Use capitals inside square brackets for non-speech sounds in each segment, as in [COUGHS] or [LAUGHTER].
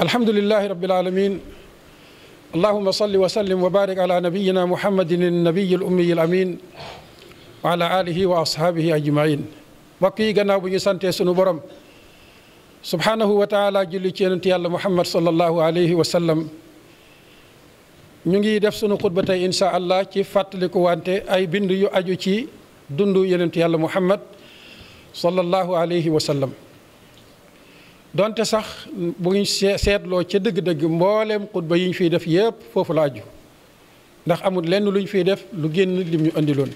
alhamdulillah rabbil alamin allahuma salli wa sallim wa barik ala nabiyina muhammadin annabiyi al ummiyi al amin wa ala alihi wa ashaabihi ajmain mbokk yi gannaaw bu ñu santee sunu borom subhaanahu wa taala julli ci yonent yàlla muhammad sallallahu alayhi wa sallam ñu ngi def sunu xutba tey insha allah ci ku wante ay bind yu aju ci dundu yonent yàlla muhammad sallallahu alayhi wa sallam donte sax bu ñu seetloo ca dëgg-dëgg mbooleem xutba yi ñu fiy def yépp foofu la aju ndax amul lenn lu ñu fiy def lu génn lim ñu indiloon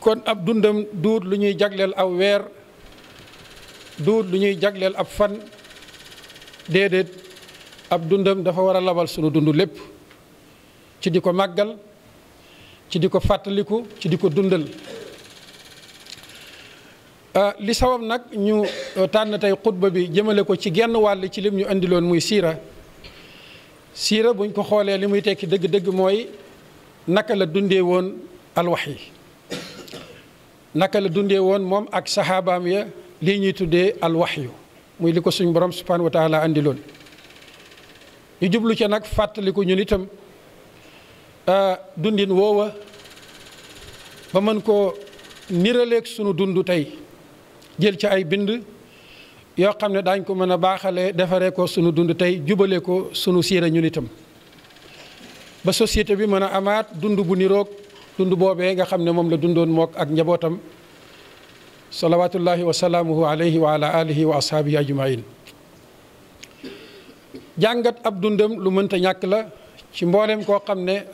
kon ab dundam duut lu ñuy jagleel aw weer duut lu ñuy jagleel ab fan déedéet ab dundam dafa war a labal sunu dund lépp ci di ko màggal ci di ko fàttaliku ci di ko dundal Euh, li sabab nag ñu euh, tànn tey xutba bi jëmale ko ci genn wàll ci lim ñu indiloon muy siira siira buñ ko xoolee li muy tekki dëgg-dëgg mooy naka la dundee woon alwax yi naka la dundee woon moom ak saxaabaam ya lii ñuy tuddee alwax yu muy li ko suñ borom subhanahu wa indiloon ñu jublu ca nag fàttaliku ñun itam euh, dundin woowa ba mën koo niraleeg sunu dund tey jël ci ay bind yoo xam ne daañ ko mën a baaxale defaree ko sunu dund tey jubale ko sunu siira ñun itam ba société bi mën a amaat dund bu niroog dund boobee nga xam ne moom la dundoon mook ak njabootam salawatullahi wa salaamuhu alayhi wa ala alihi wa ashaabihi ajmain jàngat ab dundam lu mënta ñàkk la ci mboolem koo xam ne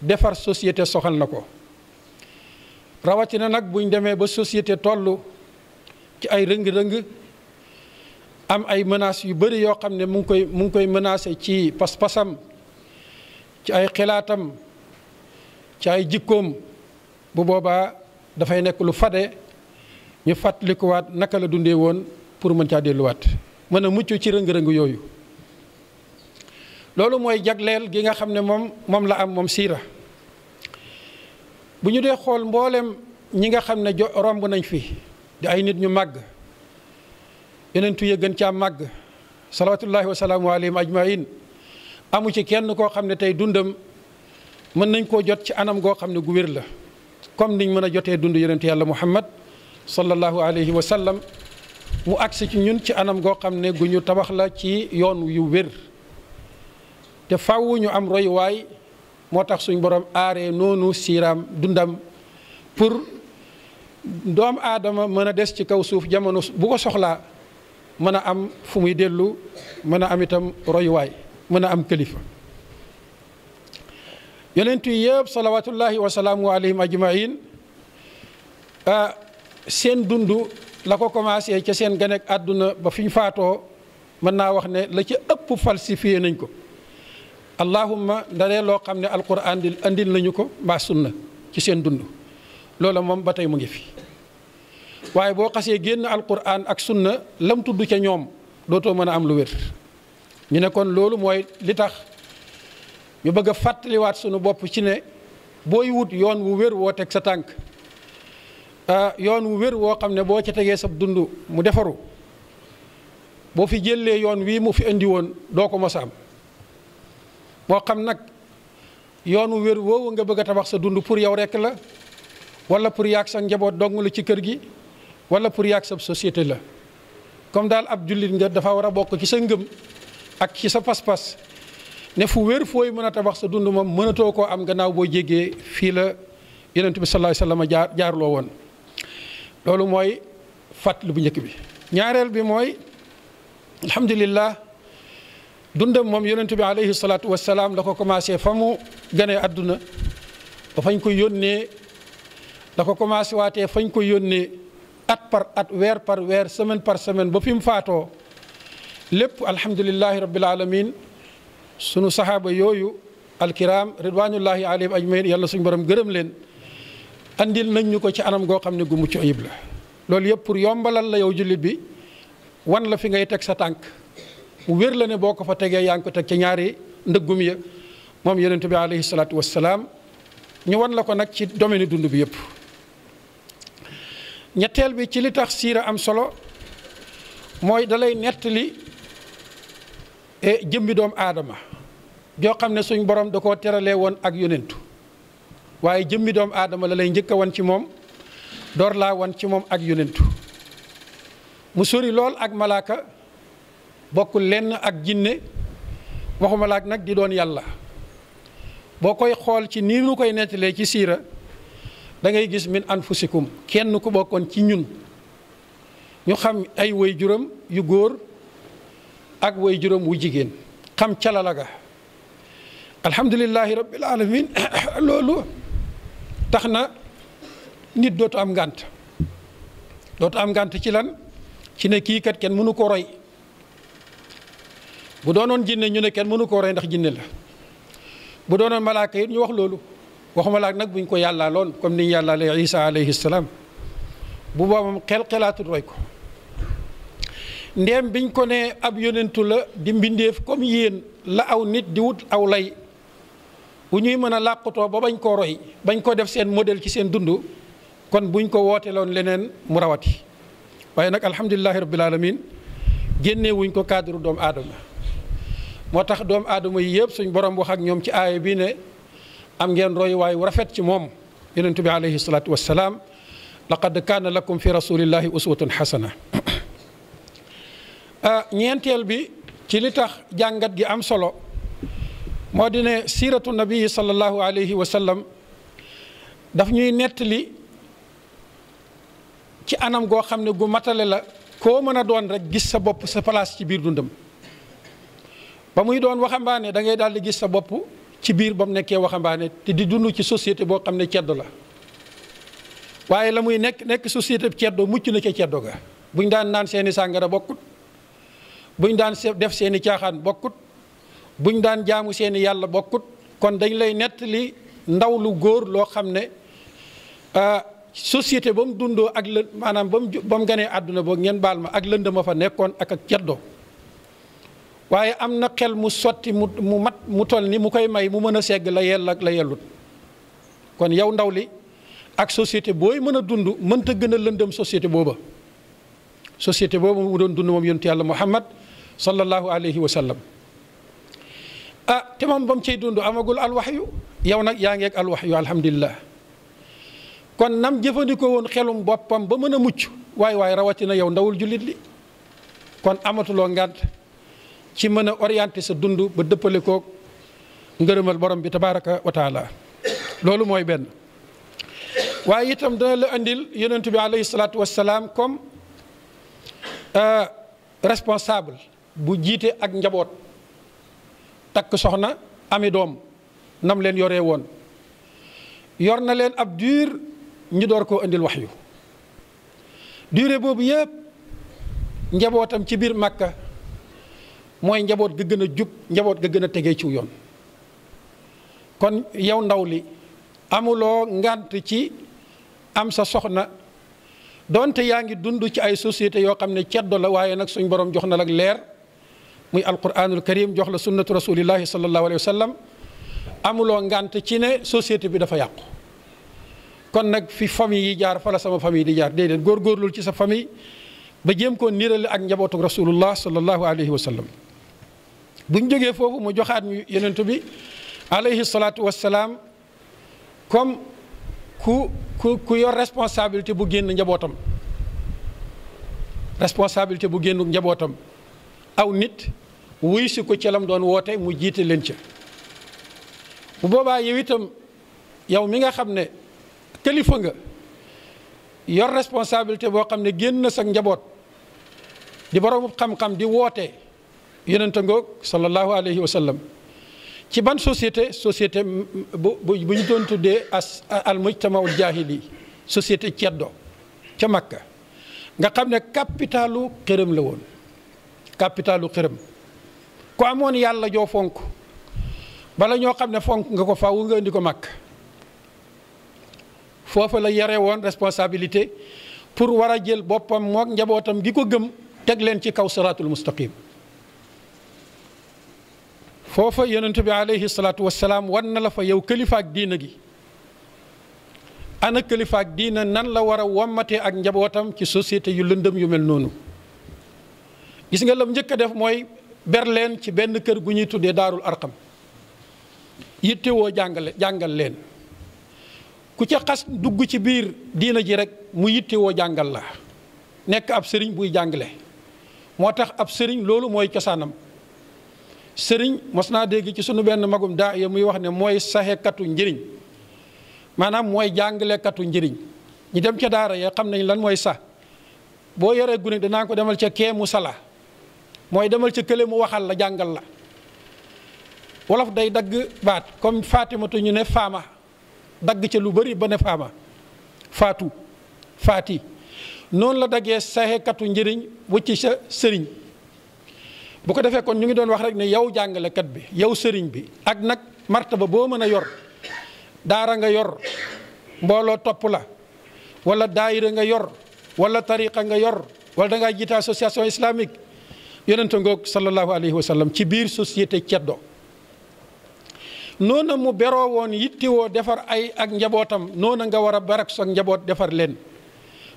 defar société soxal na ko rawatina nag buñ demee ba societé toll ci ay rëng-rëng am ay menaces yu bari yoo xam ne mu ngi koy mu ngi koy menacé ci pas-pasam ci ay xalaatam ci ay jikkoom bu boobaa dafay nekk lu fade ñu fàttalikuwaat naka la dundee woon pour mën caa delluwaat mën a mucc ci rëng-rëng yooyu loolu mooy jagleel gi nga xam ne moom moom la am moom siira bu ñu dee xool mbooleem ñi nga xam ne jo romb nañ fii di ay nit ñu màgg yonentu ya gën caa màgg salawatullahi wa salaamu alayhim ajmain amu ci kenn koo xam ne tey dundam mën nañ koo jot ci anam goo xam ne gu wér la comme niñ mën a jotee dund yonentu yàlla muhammad sallallahu alayhi wa sallam mu agsi ci ñun ci anam goo xam ne gu ñu tabax la ci yoon yu wér te fàww ñu am roy moo tax suñu boroom aaree noonu siiraam dundam pour doomu aadama mën a des ci kaw suuf jamono bu ko soxlaa mën a am fu muy dellu mën a am itam royuwaay mën a am kilifa yonent yi yëpp salawatullahi wa salaamu alayhim ajmain seen dund la ko commencé ca seen ganek àdduna ba fi ñu faatoo mën naa wax ne la ca ëpp falsifié nañ ko allahumma ndaree loo xam ne alquran di indil nañu ko mbaa sunna ci seen dund loola moom ba tey mu ngi fi waaye boo xasee génn alquran ak sunna lam tudd ca ñoom dootoo mën a am lu wér ñu ne kon loolu mooy li tax ñu bëgg a fàttaliwaat sunu bopp ci ne booy wut yoon wu wér woo teg sa tànk ah, yoon wér woo xam ne boo ca tegee sa dund mu defaru boo fi jëlee yoon wii mu fi indi woon doo ko mos a am moo xam nag yoon wu wér woowu nga bëgg a tabax sa dund pour yow rekk la wala pour yàgg sa njaboot dong la ci kër gi wala pour yàgg sa société la comme daal ab jullit nga dafa war a bokk ci sa ngëm ak ci sa pas-pas ne fu wér fooy mën a tabax sa dund moom mënatoo koo am gannaaw boo jégee fii la yonent bi sa alayhi wasallam jaar jaarloo woon loolu mooy fàttali bu njëkk bi ñaareel bi mooy alhamdulillah dundam moom yonent bi alayhi salaatu wasalaam la ko commencé famu mu ganee àdduna ba fañ ko yónnee la ko commencé waatee fañ ko yónnee at par at weer par weer semaine par semaine boo fi mu faatoo lépp alhamdulilahi rabbil alamin sunu saxaaba yooyu alkiram ridwanullahi alayhim ajmain yàlla suñu borom gërëm leen andil nañ ñu ko ci anam goo xam ne gu mucc ayib la loolu yëpp pour yombalal la yow jullit bi wan la fi ngay teg sa tànk mu wér la ne boo ko fa tegee yaa ngi ko teg ci ñaari ndëggum ya moom yonent bi alayhi salaatu salaam ñu wan la ko nag ci domaine dund bi yëpp ñetteel bi ci li tax siira am solo mooy dalay nettali eh, jëmbi doom aadama joo xam ne suñ borom da koo teralee woon ak yonentu waaye jëmbi doom aadama la lay njëkk a wan ci moom door laa wan ci moom ak yonentu mu sori lool ak malaaka bokkul lenn ak jinne waxuma laak nag di doon yàlla boo koy xool ci nii nu koy nettalee ci siira dangay gis min anfusikum kenn ku bokkoon ci ñun ñu xam ay woy juram yu góor ak way juróom wu jigéen xam calalaga ga alhamdulilahi rabbil alamin [COUGHS] loolu tax na nit dootu am ngànt dootu am ngànt ci lan ci ne kii kat kenn mënu ko roy bu doonoon jinne ñu ne kenn mënu ko roy ndax jinne la bu doonoon malaaka yi ñu wax loolu waxuma laak nag buñ ko yàllaaloon loon comme ni ñu yàllaalee isa alayhi salaam bu boobaa moom xel xelaatul roy ko ndéem biñ ko ne ab yonentu la di mbindeef comme yéen la aw nit di wut aw lay bu ñuy mën a làqutoo ba bañ koo roy bañ koo def seen model ci seen dund kon buñ ko woote loon leneen mu rawati waaye nag alhamdulilahi rabbil alamin génne ko cadre doomu aadama moo tax doomu aadama yi yëpp suñ borom wax ak ñoom ci aaya bi ne am ngeen royuwaay wu rafet ci moom yonent bi alayhi salaatu wassalaam laqad kaana lakum fi rasulillahi uswatun xasana [COUGHS] ah, ñeenteel bi ci li tax jàngat gi am solo moo di ne siiratu nabii sallallahu alayhi wa sallam daf ñuy nettali ci anam goo xam ne gu matale la koo mën a doon rek gis sa bopp sa place ci biir dundam ba muy doon waxambaane da ngay daal di gis sa bopp ci biir ba mu nekkee waxambaane te di dund ci société boo xam ne ceddo la waaye la muy nekk nekk société ceddo mucc na ca ceddo ga ñu daan naan seeni sàngara bokkut buñ daan def seeni caaxaan bokkut buñ daan jaamu seeni yàlla bokkut kon dañ lay nettali ndaw lu góor loo xam ne société ba mu dundoo ak lë maanaam ba mu ba mu ganee àdduna boo ngeen baal ma ak lënd ma fa nekkoon ak ak ceddo waaye am na xel mu sotti mu mu mat mu toll ni mu koy may mu mën a segg la yell ak la yellut kon yow ndaw li ak société booy mën a dund mënta gën a lëndëm société booba société boobu mu doon dund moom yonent yàlla muhammad sallallahu alayhi wa sallam ah te moom ba mu ciy dund amagul alwaxyu yow nag yaa ngeeg alwaxyu alhamdulilah kon nam jëfandikoo woon xelum boppam ba mën a mucc waaye waaye rawatina yow ndawul jullit li kon amatuloo ngànt ci mën a orienté sa dund ba dëppale ko ngërëmal borom bi tabaaraka wa loolu mooy benn. waaye itam dana la andil yonent bi alayhi salaatu wassalaam comme euh, responsable bu jiite ak njaboot takk soxna ami doom nam leen yore woon yor na leen ab diir ñu door koo andil wax yu diire boobu yépp njabootam ci biir Makka. mooy njaboot ga gën a jub njaboot ga gën a tegee ciw yoon kon yow ndaw li amuloo ngànt ci am sa soxna donte yaa ngi dund ci ay société yoo xam ne ceddo la waaye nag suñ borom jox na la ak leer muy alquranul karim jox la sunnatu rasulillahi sallallahu alayhi wa sallam amuloo ngànt ci ne société bi dafa yàqu kon nag fi famille yi jaar fa la sama di jaar déedéet ci sa famille ba jéem koo niirale ak njabootu rasulullah sallallahu alayhi wa sallam bu ñu jógee foofu mu joxaat ñu yonent bi alayhi salaatu wassalaam comme ku ku ku yor responsabilité bu génn njabootam responsabilité bu génn njabootam aw nit wuy si ko ci lam doon woote mu jiite leen ca bu boobaa yow itam yow mi nga xam ne kilifa nga yor responsabilité boo xam ne génn na sa njaboot di borom xam-xam di woote. yonente ngoog sallallahu alayhi wa sallam ci ban société société bu bu ñu doon tuddee as al mujtamaul jahili société ceddo ca Makka nga xam ne capitalu këram la woon capitalu xërëm ku amoon yàlla joo fonk bala ñoo xam ne fonk nga ko faaw nga ndi ko Makka foofa la yare woon responsabilité pour war a jël boppam mook njabootam gi ko gëm teg leen ci kaw siraatul mustaqim foofa yonent bi aleyhi salaatu salaam wan na la fa yow këlifaak diina gi ana këlifaak diina nan la war a wommatee ak njabootam ci société yu lëndëm yu mel noonu gis nga lam njëkk a def mooy berleen ci benn kër gu ñuy tuddee daarul arqam yittewoo jàngale jàngal leen ku ca xas dugg ci biir diina ji rek mu yittewoo jàngal la nekk ab sëriñ buy jàngale moo tax ab sëriñ loolu mooy cosaanam sëriñ mos naa dégg ci suñu benn magum daa ya muy wax ne mooy katu njëriñ maanaam mooy jàngalekatu njëriñ ñu dem ca daara ya xam nañ lan mooy sax boo yoree gune danaa ko demal ca kee mu sala mooy demal ca kële mu waxal la jàngal la wolof day dagg baat comme faatimatu ñu ne faama dagg ca lu bari ba ne faama faatu faati noonu la daggee saxekatu njëriñ ci sa sëriñ bu ko defee kon ñu ngi doon wax rek ne yow jàngalekat bi yow sëriñ bi ak nag martaba boo mën a yor daara nga yor mbooloo topp la wala daayira nga yor wala tariqa nga yor wala dangay ngaa jiite association islamique yonente ngoog sallallahu alayhi wa ci biir société ceddo noona mu beroo woon yittewoo defar ay ak njabootam noona nga war a barak sa njaboot defar leen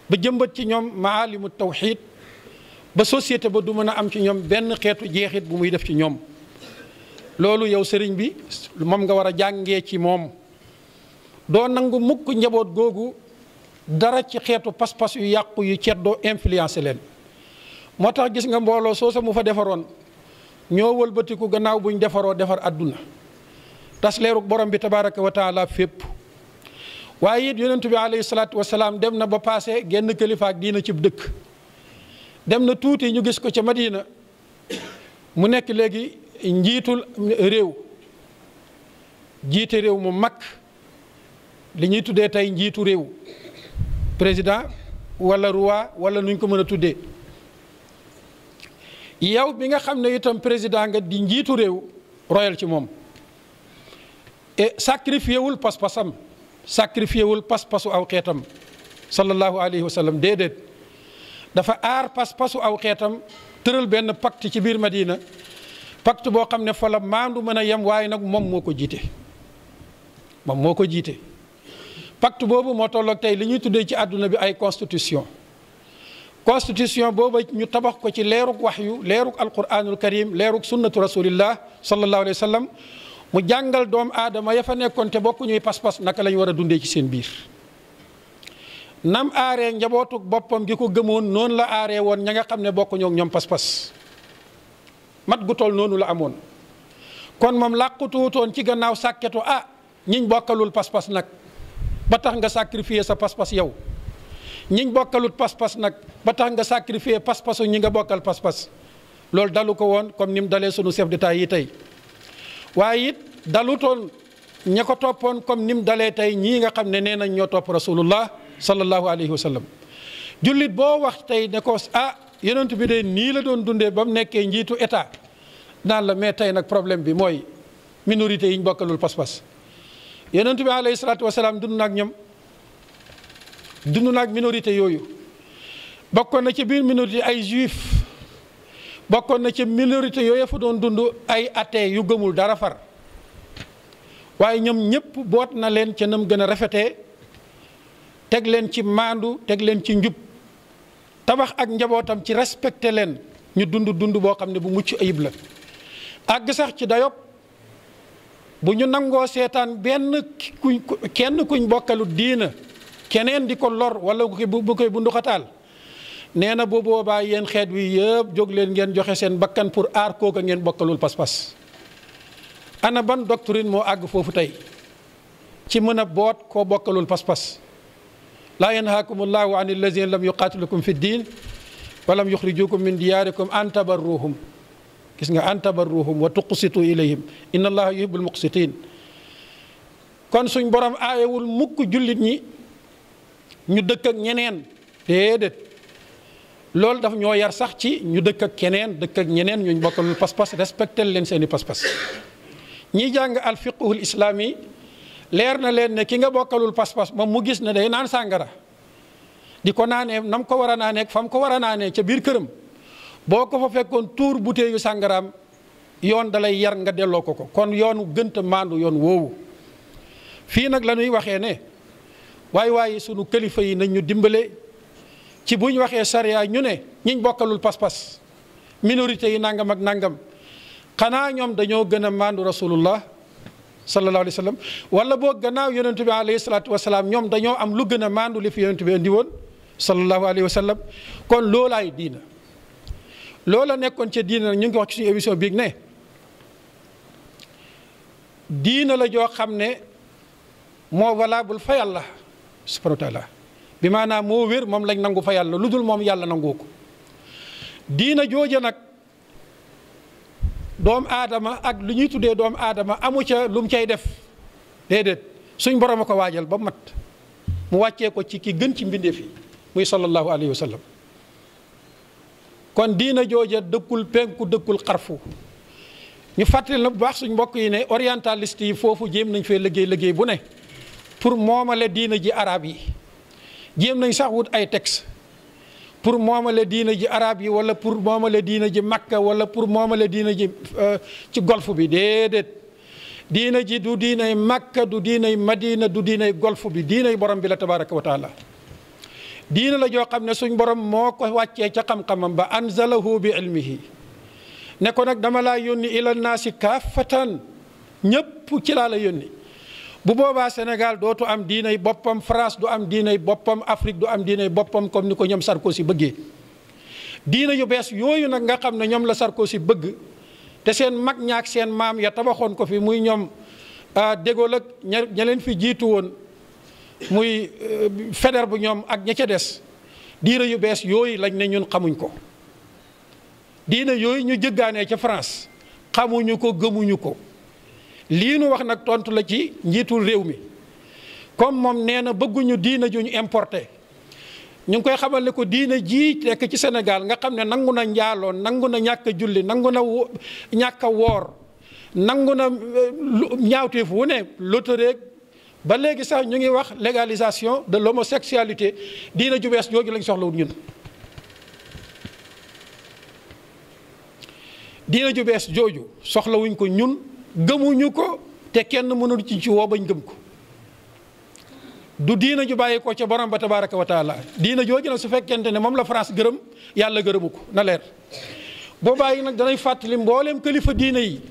ba jëmbat ci ñoom maalimu tawxid ba société ba du mën a am ci ñoom benn xeetu jeexit bu muy def ci ñoom loolu yow sëriñ bi moom nga war a jàngee ci moom doo nangu mukk njaboot googu dara ci xeetu pas-pas yu yàqu yu ceet doo influencé leen moo tax gis nga mbooloo soo sa mu fa defaroon ñoo wëlbatiku gannaaw buñ defaroo defar àdduna tas borom bi tabaraka wa taala fépp waaye it yonentu bi alayhi salaatu salaam dem na ba paase genn kilifa ak diina cib dëkk dem na tuuti ñu gis ko ca Madina mu nekk léegi njiitul réew jiite réew mu mag li ñuy tuddee tey njiitu réew président wala roi wala nuñ ko mën a tuddee yow bi nga xam ne itam président nga di njiitu réew royal ci moom et sacrifié wul pas-pasam sacrifié wul pas-pasu aw xeetam sallallahu alayhi wa sallam déedéet. dafa aar pas-pasu aw xeetam tëral benn pacte ci biir Madina pacte boo xam ne fa maandu mën a yem waaye nag moom moo ko jiite moom moo ko jiite pacte boobu moo tolloog tey li ñuy tuddee ci àdduna bi ay constitution constitution booba ñu tabax ko ci leeruk waxyu leeruk alquranul karim leeruk sunnatu rasulillah sallallahu alayhi wa sallam mu jàngal doom aadama ya fa nekkoon te bokku ñuy pas-pas naka la ñu war a dundee ci seen biir nam aaree njabootu boppam gi ko gëmoon noonu la aaree woon ña nga xam ne bokkuñoo ak ñoom pas-pas mat gu tool noonu la amoon kon moom làqutuutoon ci gannaaw sàkketu ah ñiñ bokkalul pas-pas nag ba tax nga sacrifier sa pas-pas yow ñiñ bokkalut pas-pas nag ba tax nga sacrifier pas-pasu ñi nga bokkal pas-pas loolu dalu ko woon comme ni mu dalee sunu chef d'état yi tey waaye it dalutoon ña ko toppoon comme ni mu dalee tey ñii nga xam ne nee nañ ñoo topp rasulullah sallallahu alayhi wa sallam jullit boo wax tey ne ko ah yonent bi de nii la doon dundee ba mu nekkee njiitu état naan la mais tey nag problème bi mooy minorité yi ñu bokkalul pas-pas yonent bi alayhi salaatu wasalaam dund naag ñoom dund naag minorité yooyu bokkoon na ci biir minorité ay juif bokkoon na ci minorité yooyu fa doon dund ay athée yu gëmul dara far waaye ñoom ñëpp boot na leen ca mu gën a rafetee teg leen ci maandu teg leen ci njub tabax ak njabootam ci respecté leen ñu dund dund boo xam ne bu mucc ayib la àgg sax ci dayob bu ñu nangoo seetaan benn kuñ kenn kuñ bokkalu diina keneen di ko lor wala bu koy bunduxataal nee na bu boobaa yéen xeet wi yëpp jóg leen ngeen joxe seen bakkan pour aar kooka ngeen bokkalul pas-pas ana ban doctrine moo àgg foofu tey ci mën a boot koo bokkalul pas-pas laa yanhaakum allahu an allazina lam yuqaatilukum fi ddin wa lam yuxrijukum min diyaarikum an tabarruhum gis nga an tabarruhum wa tuqsitu ilayhim inna allaha yuhibbul muqsitin kon suñ borom aayewul mukk jullit ñi ñu dëkk ak ñeneen déedéet loolu daf ñoo yar sax ci ñu dëkk ak keneen dëkk ak ñeneen ñuñ bokkalul pas-pas respecté leen seeni pas-pas ñiy jàng alfiqhul islaami leer na leen ne ki nga bokkalul pas-pas moom mu gis na day naan sàngara di ko naanee nam ko war a fa mu ko war a naanee ca biir këram boo ko fa fekkoon tuur bouteille yu sàngaraam yoon dalay yar nga delloo ko ko kon yoonu gënta maandu yoon woowu fii nag lañuy ñuy waxee ne waaye waaye sunu kilifa yi nañ ñu dimbale ci bu ñu waxee sariya ñu ne ñi bokkalul pas-pas minorité yi nangam ak nangam xanaa ñoom dañoo gën a maandu rasulullah sallallahu alayhi wa wala boo gannaaw yonentu bi alayhi salaatu wasalaam ñoom dañoo am lu gën a maandu li fi yonentu bi indi woon sallallahu alayhi wa sallam kon loolaay diina loola nekkoon ca diina nag ñu ngi wax ci suñu émission biig ne diina la joo xam ne moo valable fa yàlla subhanahu wa bi maanaam moo wér moom lañ nangu fa yàlla lu dul moom yàlla nangu ko diina jooja nag doomu aadama ak lu ñuy tuddee doomu aadama amu ca lu mu cay def déedéet suñ borom a ko waajal ba mat mu wàccee ko ci ki gën ci mbindeef yi muy sallallahu alayhi wa sallam kon diina jooja dëkkul penku dëkkul xarfu ñu fàttali na bu baax suñ mbokk yi ne orientaliste yi foofu jéem nañ fee liggéey liggéey bu ne pour moom moomale diina ji araab yi jéem nañ sax wut ay texte pour moomale diina ji arab yi wala pour moomale diina ji makka wala pour moomale diina ji euh, ci golf bi déedéet diina ji du diinay makka du diinay madina du diina golf bi diinay borom bi la tabaraka wa taala diina la joo xam ne suñ borom moo ko wàccee ca xam ba anzalahu bi ilmihi ne ko nag dama laa yónni ila naasi kaafatan ñëpp ci laa la yónni bu boobaa Sénégal dootu am diinay boppam France du am diinay boppam Afrique du am diinay boppam comme ni ko ñoom si bëggee diina yu bees yooyu nag nga xam ne ñoom la si bëgg te seen mag ñaak seen maam ya tabaxoon ko fi muy ñoom euh, De Gaulle ak ña leen fi jiitu woon muy euh, Faidherbe bu ñoom ak ña ca des diina yu bees yooyu lañ ne ñun xamuñ ko diina yooyu ñu jëggaanee ca France xamuñu ko gëmuñu ko lii nu wax nag tontu la ci njiitul réew mi comme moom nee na bëgguñu diina ju importe importé ñu ngi koy xamal ne ko diina jii nekk ci Sénégal nga xam ne nangu na njaaloo nangu na ñàkk julli nangu na ñàkk a woor nangu na ñaawteef wu ne loterie ba léegi sax ñu ngi wax légalisation de l'homosexualité diina ju bees jooju lañ soxlawul ñun diina ju bees jooju soxlawuñ ko ñun gëmuñu ko te kenn mënul ci ci bañ gëm ko du diina ju bàyyi ko ca borom ba tabaraka wa taala diina jooju nag su fekkente ne moom la France gërëm yàlla gërëmu ko na leer boo bàyyi nag danay fàttali mbooleem kilifa diina yi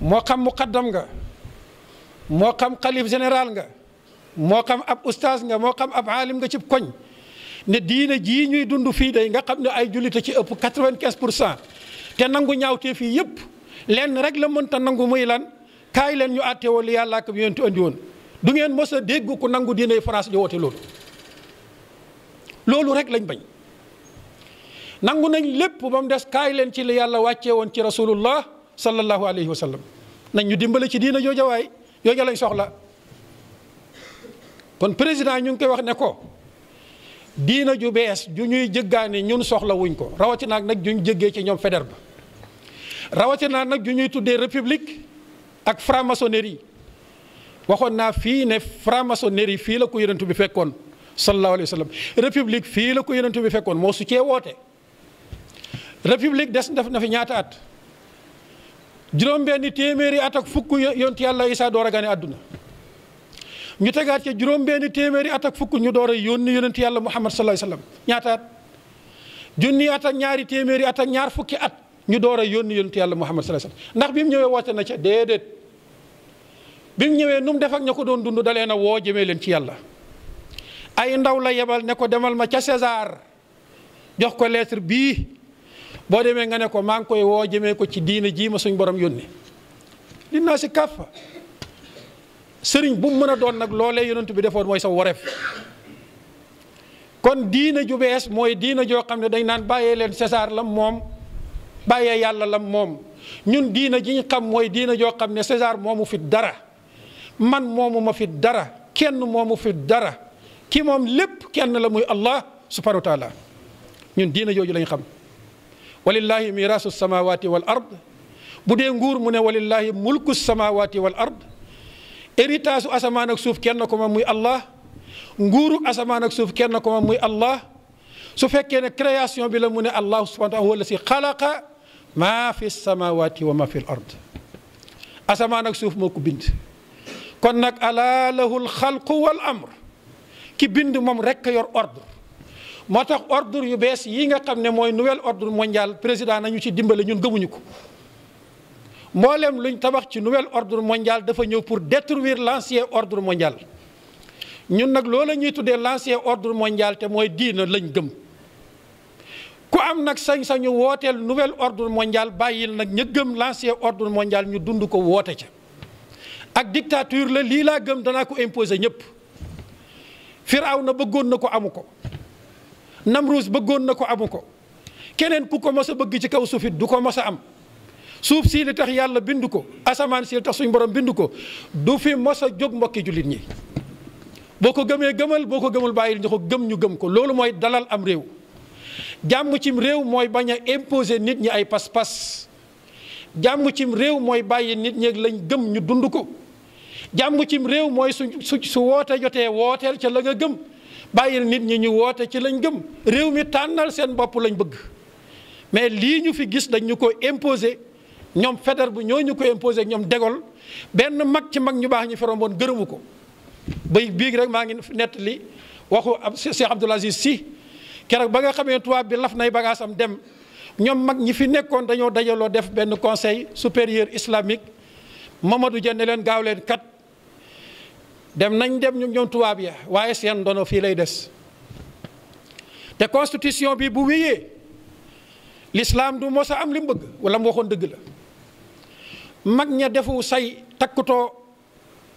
moo xam muqaddam nga moo xam xalif général nga moo xam ab ustaas nga moo xam ab aalim nga cib koñ ne diina jii ñuy dund fii day nga xam ne ay jullite ci ëpp quatre-vingt-quinze pour cent te nangu ñaawtee fii yëpp lenn rek la mënta nangu muy lan kaay leen ñu àtteewoo li yàlla ak yonent andi woon du ngeen mës a dégg ku nangu diine France di woote loolu loolu rek lañ bañ nangu nañ lépp ba mu des kaay leen ci li yàlla wàccee woon ci rasulullah sallallahu alayhi wa sallam nañ ñu dimbale ci diina jooja waay jooja lañ soxla kon président ñu ngi koy wax ne ko diina ju bees ju ñuy jëggaane ñun soxla wuñ ko rawatinaak nag nag juñ jëggee ci ñoom feder ba rawatina nag ju ñuy tuddee république ak franc-maçonnerie waxoon naa fii ne franc-maçonnerie fii la ko yonent bi fekkoon sallallahu alayhi wa sallam république fii la ko yonent bi fekkoon moo su cee woote république des def na fi ñaata at juróom-benni téeméeri at ak fukk yonent yàlla Isaa door àdduna ñu tegaat ca juróom-benni téeméeri at fukk ñu door a yónni yonent yàlla Muhammad sallallahu alayhi wa sallam ñaata at junni at ak ñaari téeméeri at ak ñaar fukki at. ñu door a yónni yóntu yàlla Muhammad sallallahu alayhi wasallam ndax bi mu ñëwee wate na ca déedéet bi mu ñëwee nu mu def ak ña ko doon dund dalee na woo jëmee leen ci yàlla ay ndaw la yebal ne ko demal ma ca César jox ko lettre bii boo demee nga ne ko maa ngi koy woo jëmee ko ci diina jii ma suñ borom yónni li naa si kàffa sëriñ bu mu mën a doon nag loolee yonent bi defoon mooy sa woref kon diina ju bees mooy diina joo xam ne dañ naan bàyyee leen César la moom bàyyee yàlla la moom ñun diina jiñ ñu xam mooy diina joo xam ne César moomu fi dara man moomu ma fi dara kenn moomu fi dara ki moom lépp kenn la muy Allah subhanahu wa taala ñun diina jooju lañ xam walillahi mirasu samawati wal ard bu dee nguur mu ne walillahi mulku samawati wal ard asamaan ak suuf kenn ko ma muy nguuru asamaan ak suuf kenn ko ma muy su fekkee ne création bi la mu ne Allah subhanahu wa taala huwa allasi maa fi samawati wa ma fi l ard asamaan ak suuf moo ko bind kon nag alaa lahul xalqu wal amr ki bind moom rekk a yor ordre moo tax ordre yu bees yi nga xam ne mooy nouvelle ordre mondial président nañu ci dimbale ñun gëmuñu ko mboolem luñ tabax ci nouvel ordre mondial dafa ñëw pour détruire lancier ordre mondiale ñun nag loola ñuy tuddee l'ancien ordre mondial te mooy diina lañ gëm ku am nag sañ-sañu wooteel nouvel ordre mondial bàyyil nag ña gëm l'ancien ordre mondial ñu dund ko woote ca ak dictature la lii laa gëm danaa ko imposer ñëpp firaw na ba bëggoon na ko amu ko namruus bëggoon na ko amu ko keneen ku ko mos a bëgg ci kaw suufit du ko mos a am suuf sii li tax yàlla bind ko asamaan sii li tax suñu borom bind ko du fi mos a jóg mbokki jullit ñi boo ko gëmee gëmal boo ko gëmal bàyyil ñu ko gëm ñu gëm ko loolu mooy dalal am réew jàmm cim réew mooy bañ a imposé nit ñi ay pas-pas jàmm cim réew mooy bàyyi nit ñeeg lañ gëm ñu dund ko jàmm cim réew mooy su su su woote jotee wooteel ca la nga gëm bàyyil nit ñi ñu woote ci lañ gëm réew mi tànnal seen bopp lañ bëgg mais lii ñu fi gis dañ ñu ko imposer ñoom feder bu ñoo ñu ko imposer ñoom dégol benn mag ci mag ñu baax ñu feromboon gërëmu ko bay biig rek maa ngi nettali waxu ab Cheikh Abdoul Aziz si keroog ba nga xamee tubaab bi laf nay bagage dem ñoom mag ñi fi nekkoon dañoo dajaloo def benn conseil supérieur islamique Mamadou Dia ne leen gaaw leen kat dem nañ dem ñu ñoom tubaab ya waaye seen ndono fii lay des te constitution bi bu wéyee lislaam du mos a am li mu bëgg wala mu waxoon dëgg la mag ña defu say takkutoo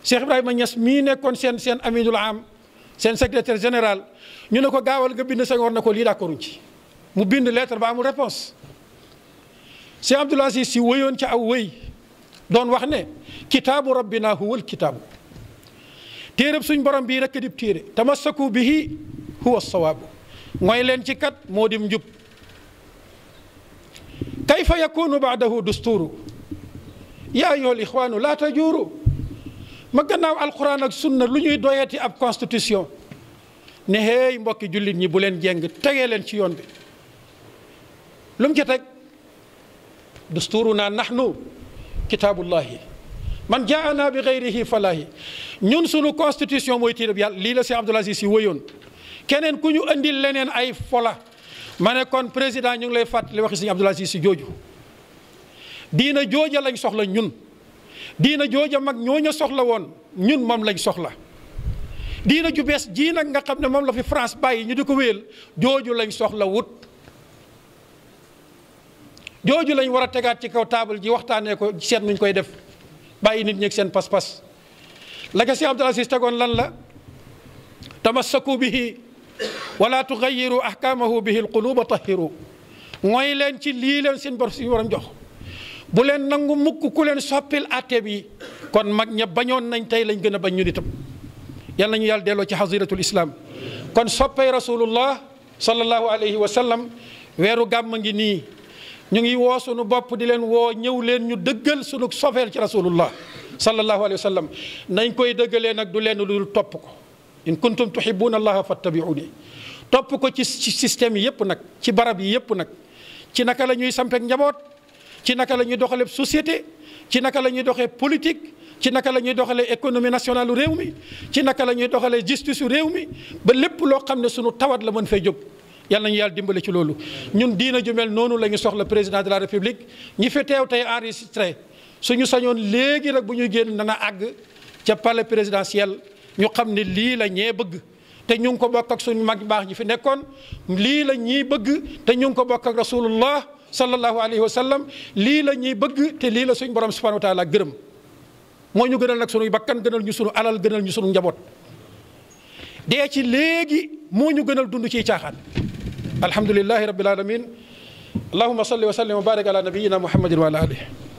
Cheikh Ibrahima Niass mii nekkoon seen seen aminul am seen secrétaire général ñu ne ko gaawal nga bind Senghor na ko lii d'accorduñ ci mu bind lettre ba amul réponse si Abdoul Aziz si wëyoon ca aw wëy doon wax ne kitaabu rabbina huwal kitaabu téereb suñ borom bii rekk dib téere tamassaku bihi huwa sawaabu mooy leen ci kat moo dim njub kayfa yakunu baadahu dusturu yaa ayyuhal ixwaanu laa tajuuru ma gannaaw alxuraan ak sunna lu ñuy doyati ab constitution ne hey mbokki jullit ñi bu leen jeng tegee leen ci yoon bi lu mu ci teg dusturuna nahnu kitaabullahi man jaana bi gayrihi falaahi ñun sunu constitution mooy téereb yàlla lii la si Abdoul Aziz Sy wëyoon keneen ku ñu indi leneen ay fola ma ne kon président ñu ngi lay fàttali waxi si Abdoul Aziz jooju diina jooja lañ soxla ñun diina jooja mag ñooñu soxla woon ñun mam lañ soxla diina ju bees jii nag nga xam ne moom la fi France bàyyi ñu di ko wéyal jooju lañ soxla wut jooju lañ war a tegaat ci kaw taabal ji waxtaanee ko seet nuñ koy def bàyyi nit ñeeg seen pas-pas la nga si Abdul Aziz tegoon lan la tama tamassaku bihi wala tugayiru ahkaamahu bihi alquluba tahiru mooy leen ci lii leen seen bor si waram jox bu leen nangu mukk ku leen soppil àtteeb bi kon mag ña bañoon nañ tey lañ gën a bañ ñu nitam yan nañu yàlla delloo ci xasiratul islam kon soppay rasulullah sallallahu alayhi wa sallam weeru gàmm ngi nii ñu ngi woo sunu bopp di leen woo ñëw leen ñu dëggal sunu sofeel ci rasulullah sallallahu alayhi wa sallam nañ koy dëggalee nag du leen lu topp ko in kuntum tuhibuuna allaha fattabiuni topp ko ci système yi yëpp nag ci barab yi yëpp nag ci naka ñuy sampek njaboot ci naka la ñuy doxalee société ci naka la ñuy doxee politique ci naka la ñuy doxalee économie nationale u réew mi ci naka la ñuy doxalee justice u réew mi ba lépp loo xam ne suñu tawat la mën fay jóg yàlla nañu yàlla dimbale ci loolu ñun diina ju noonu la ñu soxla président de la république ñi fi teew tey enregistré suñu sañoon léegi rek bu ñu génn dana àgg ca palais présidentiel ñu xam ne lii la ñee bëgg te ñu ngi ko bokk ak suñu mag baax ñi fi nekkoon lii la ñii bëgg te ñu ngi ko bokk ak rasulullah sallallahu alayhi wa sallam lii la ñuy bëgg te lii la suñ borom subhanahu wa taala gërëm moo ñu gënal nag sunuy bakkan gënal ñu sunu alal gënal ñu sunu njaboot dee ci léegi moo ñu gënal dund ciy caaxaan alhamdulilahi rabbil alamin allahuma salli wa sallim wa barik ala nabiyina muhammadin wa ala alihi